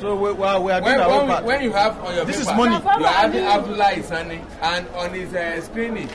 So we, we are doing when, our when, we, when you have on your this paper, is money. you have having lights Isani and on his uh, screening,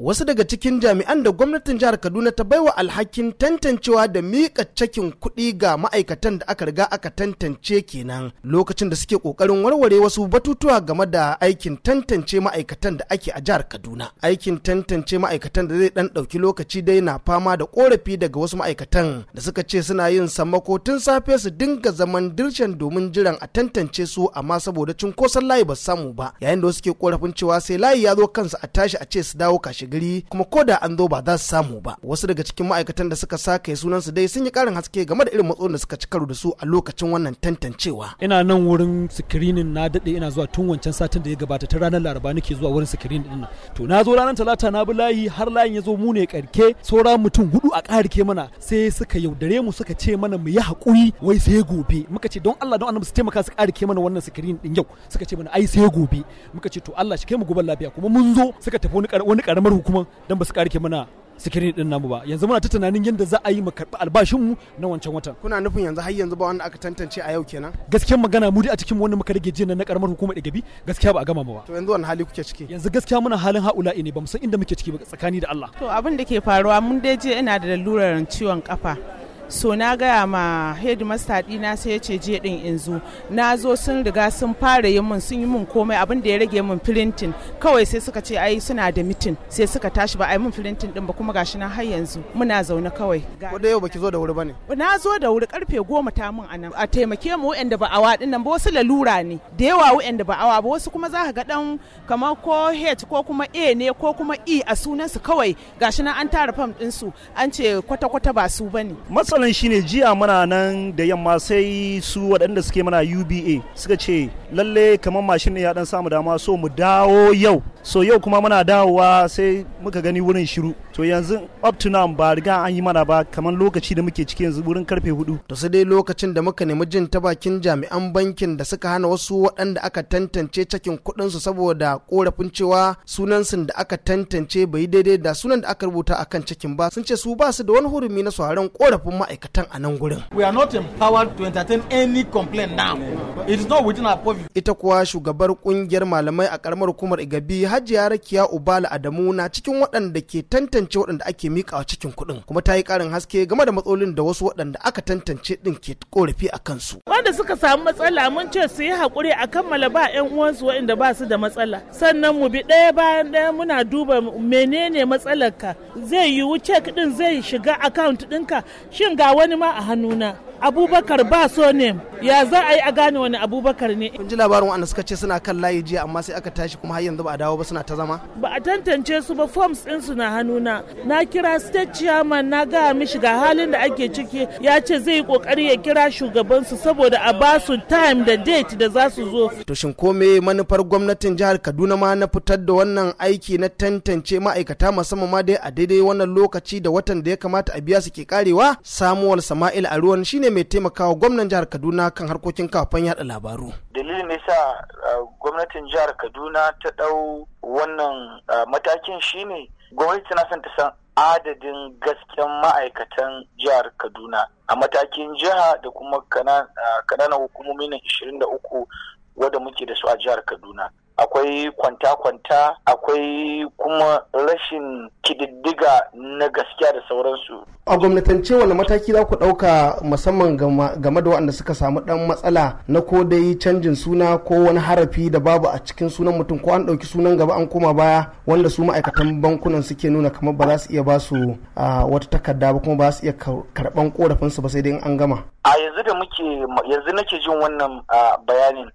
Wasu daga cikin jami'an da gwamnatin jihar Kaduna ta baiwa alhakin tantancewa da miƙa cakin kuɗi ga ma'aikatan da aka riga aka tantance kenan lokacin da suke ƙoƙarin warware wasu batutuwa game da aikin tantance ma'aikatan da ake a jihar Kaduna. Aikin tantance ma'aikatan da zai ɗan ɗauki lokaci dai na fama da ƙorafi daga wasu ma'aikatan da suka ce suna yin sammako tun safe su dinga zaman dirshan domin jiran a tantance su amma saboda cunkoson layi ba samu ba yayin da wasu ke korafin cewa sai layi ya zo kansa a tashi a ce su dawo kashi gari kuma ko da an zo ba za su samu ba wasu daga cikin ma'aikatan da suka sake sunan su dai sun yi karin haske game da irin matsalolin da suka ci karo da su a lokacin wannan tantancewa ina nan wurin screening na dade ina zuwa tun wancan satin da ya gabata ta ranar laraba nake zuwa wurin screening din to na zo ranar talata na bi layi har layin ya zo mu ne karke saura mutum hudu a karke mana sai suka yaudare mu suka ce mana mu yi hakuri wai sai gobe muka ce don Allah don annabi su taimaka su karke mana wannan screening din yau suka ce mana ai sai gobe muka ce to Allah shi kai mu guban lafiya kuma mun zo suka tafi wani karamar hukuma dan ba su karike mana sikirin din namu ba yanzu muna ta tunanin yadda za a yi mu karɓi albashin mu na wancan watan kuna nufin yanzu har yanzu ba wanda aka tantance a yau kenan gaskiya magana mu dai a cikin wanda muka rage jiya na karamar hukuma da gabi gaskiya ba a gama ba to yanzu wani hali kuke ciki yanzu gaskiya muna halin haula ne ba mu san inda muke ciki ba tsakani da Allah to abin da ke faruwa mun dai je ina da lalurar ciwon kafa so na gaya ma headmaster dina sai ya ce je din in zo na zo sun riga sun fara yi mun sun yi mun komai abin da ya rage mun printing kawai sai suka ce ai suna da mitin sai suka tashi ba ai mun printing din ba kuma gashi na har yanzu muna zaune kawai ko da yau baki zo da wuri bane na zo da wuri karfe goma ta mun anan a taimake mu wa'anda ba awa din nan ba wasu lalura ne da yawa wa'anda ba awa ba wasu kuma za ka ga dan kamar ko H ko kuma A ne ko kuma E a sunan su kawai gashi na an tara fam din su an ce kwata-kwata ba su bane matsalan shine jiya muna nan da yamma sai su waɗanda suke mana uba suka ce lalle kamar mashin ne ya dan samu dama so mu dawo yau so yau kuma muna dawowa sai muka gani wurin shiru to yanzu up to now ba riga an yi mana ba kamar lokaci da muke ciki yanzu wurin karfe hudu to sai dai lokacin da muka nemi jin ta bakin jami'an bankin da suka hana wasu waɗanda aka tantance cakin kuɗin su saboda korafin cewa sunan sun da aka tantance bai daidai da sunan da aka rubuta akan cakin ba sun ce su ba su da wani hurumi na sauraron korafin ma'aikatan a nan gurin we are not empowered to entertain any complaint now it is not within our purview ita kuwa shugabar kungiyar malamai a karamar hukumar igabi hajiya rakiya ubala adamu na cikin waɗanda ke tantance tantance waɗanda ake miƙawa cikin kuɗin kuma ta yi ƙarin haske game da matsalolin da wasu waɗanda aka tantance ɗin ke korafi a kansu. Wanda suka samu matsala mun ce su yi haƙuri a kammala ba 'yan uwansu waɗanda ba su da matsala. Sannan mu bi ɗaya bayan ɗaya muna duba menene matsalarka zai yiwu cek ɗin zai shiga akaunt ɗinka shin ga wani ma a hannuna. abubakar ba so ne ya za a yi a gane wani abubakar ne kun ji labarin wanda suka ce suna kan layi jiya amma sai aka tashi kuma har yanzu ba a dawo ba suna ta zama ba a tantance su ba forms din su na hannuna na kira state chairman na ga mishi ga halin da ake ciki ya ce zai yi kokari ya kira shugaban su saboda a ba su time da date da za su zo to shin ko me manufar gwamnatin jihar Kaduna ma na fitar da wannan aiki na tantance ma'aikata musamman ma dai a daidai wannan lokaci da watan da ya kamata a biya su ke karewa samuwar Sama'il a ruwan shine ne mai taimakawa gwamnan jihar Kaduna kan harkokin kafan yada labaru. Dalilin da yasa gwamnatin jihar Kaduna ta ɗau wannan matakin shine gwamnati tana son ta san adadin gasken ma'aikatan jihar Kaduna a matakin jiha da kuma kananan hukumomi na 23 wadda muke da su a jihar Kaduna. akwai kwanta-kwanta akwai kuma rashin kididdiga na gaskiya da sauransu a gwamnatance wani mataki za ku ɗauka musamman game da waɗanda suka samu ɗan matsala na ko dai canjin suna ko wani harafi da babu a cikin sunan mutum ko an ɗauki sunan gaba an koma baya wanda su ma'aikatan bankunan suke nuna kamar ba za su iya ba su wata takarda ba kuma ba su iya karɓan korafinsu ba sai dai an gama a yanzu da muke yanzu nake jin wannan bayanin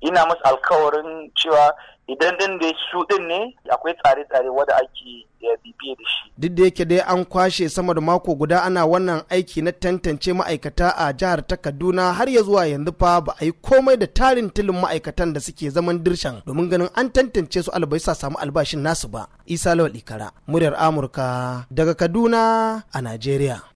ina musu alkawarin cewa idan din da su din ne akwai tsare-tsare wadda ake bibiye da shi. Duk da yake dai an kwashe sama da mako guda ana wannan aiki na tantance ma'aikata a jihar ta Kaduna har ya zuwa yanzu fa ba a yi komai da tarin tilin ma'aikatan da suke zaman dirshan domin ganin an tantance su albaisa samu albashin nasu ba. Isa Lawal Ikara, muryar Amurka daga Kaduna a Najeriya.